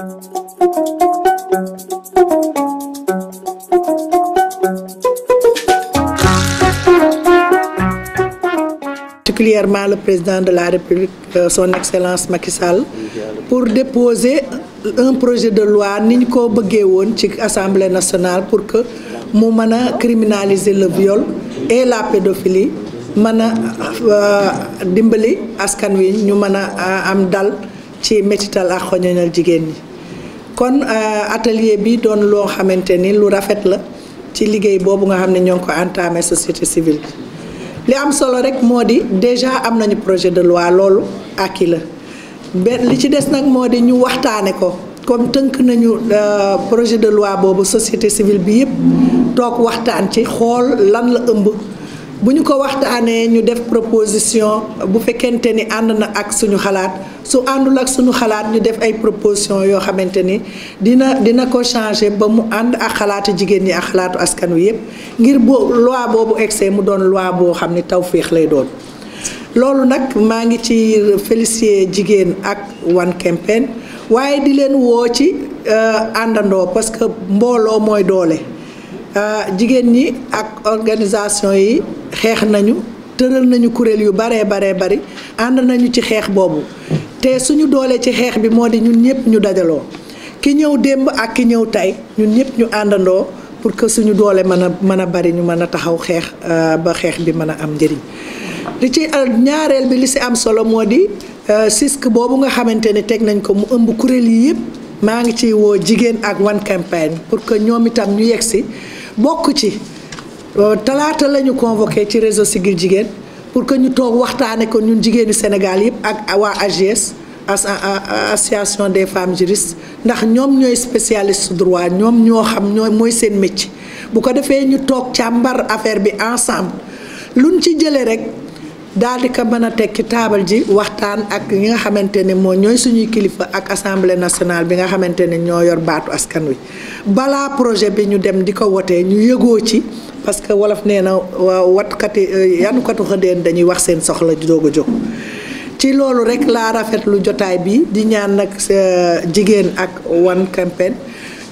particulièrement le président de la République, euh, son Excellence Macky Sall, pour déposer un projet de loi niñ ko bëggee woon ci Assemblée nationale pour que mu mën a criminaliser le viol et la pédophilie mën a euh, dimbali askan wi ñu mën a euh, am dal ci métital ak xoñoñal jigéen ñi. kon euh, atelier bi doon loo xamante ni lu rafet la ci liggéey boobu nga xam ne ñoo ko entamé société civile bi li am solo rek moo di déjà am nañu projet de loi loolu àkki la li ci des nag moo di ñu waxtaane ko comme tënk nañu euh, projet de loi boobu société civile bi yëpp toog waxtaan ci xool lan la ëmb bu ñu ko waxtaanee ñu def proposition bu fekkente ni ànd na ak suñu xalaat su àndul ak suñu xalaat ñu def ay proposition yoo xamante ni dina dina ko changer ba mu ànd ak xalaatu jigéen ñi ak xalaatu askan wi yépp ngir boo loi boobu egsee mu doon loi boo xam ni tawféex lay doon loolu nag maa ngi ci félicier jigéen ak One Campaign waaye di leen woo ci euh, àndandoo parce que mbooloo mooy doole Euh, jigéen ñi ak organisation yi xeex nañu tëral nañu kuréel yu baree baree bari ànd nañu ci xeex boobu te suñu doole ci xeex bi moo di ñun ñëpp ñu dajaloo ki ñëw démb ak ki ñëw tey ñun ñëpp ñu àndandoo pour que suñu doole mën a mën a bari ñu mën a taxaw xeex euh, ba xeex bi mën a am njëriñ li ci euh, ñaareel bi li si am solo moo di CISC boobu nga xamante ne teg nañ ko mu ëmb kuréel yi yëpp maa ngi ciy woo jigéen ak One Campaign pour que ñoom itam ñu yegg si bokk ci euh, talaata lañu ñu convoqué ci réseau Siggil Jigéen pour que ñu toog waxtaane ko ñun jigéenu Sénégal yëpp ak waa AGS association des femmes juristes ndax ñoom ñooy spécialiste droit ñoom ñoo xam ñooy mooy seen métier bu ko defee ñu toog càmbar affaire bi ensemble luñ ci jëlee rek. daal di ko mën a teg taabal ji waxtaan ak ñi nga xamante ne moo ñooy suñuy kilifa ak assemblée nationale bi nga xamante ne ñoo yor baatu askan wi balaa projet bi ñu dem di ko wotee ñu yëgoo ci parce que wolof nee na watkati euh, yanukatu xëddeen dañuy wax seen soxla doog a jóg ci loolu rek laa rafetlu jotaay bi di ñaan nag euh, jigéen ak One Campaign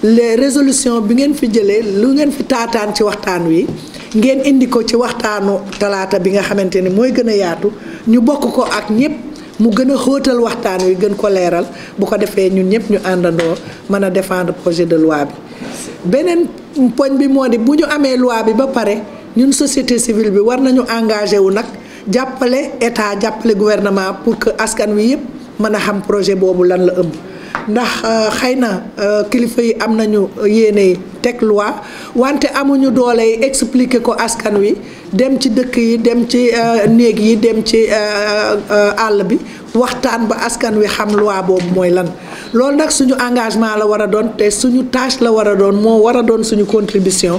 les résolution bi ngeen fi jëlee lu ngeen fi taataan ci waxtaan wi ngeen indi ko ci waxtaanu talaata bi nga xamante ni mooy gën a yaatu ñu bokk ko ak ñëpp mu gën a xóotal waxtaan wi gën ko leeral bu ko defee ñun ñëpp ñu àndandoo mën a défendre projet de loi bi. beneen poñ bi moo di bu ñu amee loi bi ba pare ñun société civile bi war nañu engagé wu nag jàppale état jàppale gouvernement pour que askan wi yëpp mën a xam projet boobu lan la ëmb. ndax euh, xëy na euh, kilifa yi am nañu yéene teg loi wante amuñu doole yi expliquer ko askan wi dem ci dëkk yi dem ci euh, néeg yi dem ci àll bi waxtaan ba askan wi xam loi boobu mooy lan. loolu nag suñu engagement la war a doon te suñu tâche la war a doon moo war a doon suñu contribution.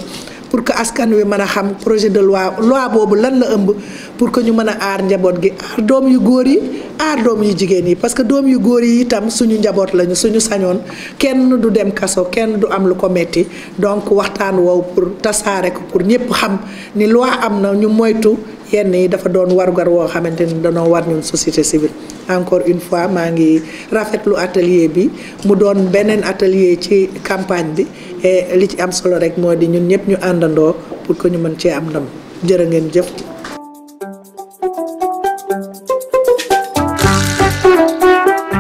pour que askan wi mën a xam projet de loi loi boobu lan la ëmb pour que ñu mën a aar njaboot gi aar doom yu góor yi aar doom yu jigéen yi parce que doom yu góor yi itam suñu njaboot lañu suñu sañoon kenn du dem kaso kenn du am lu ko metti donc waxtaan woow pour tasaare ko pour ñëpp xam ni loi am na ñu moytu yenn yi dafa doon warugar woo xamante ni danoo war ñun société civile encore une fois maa ngi rafetlu atelier bi mu doon beneen atelier ci campagne bi et li ci am solo rek mooy di ñun ñëpp ñu àndandoo pour que ñu mën cee am ndam jërë ngeen jëf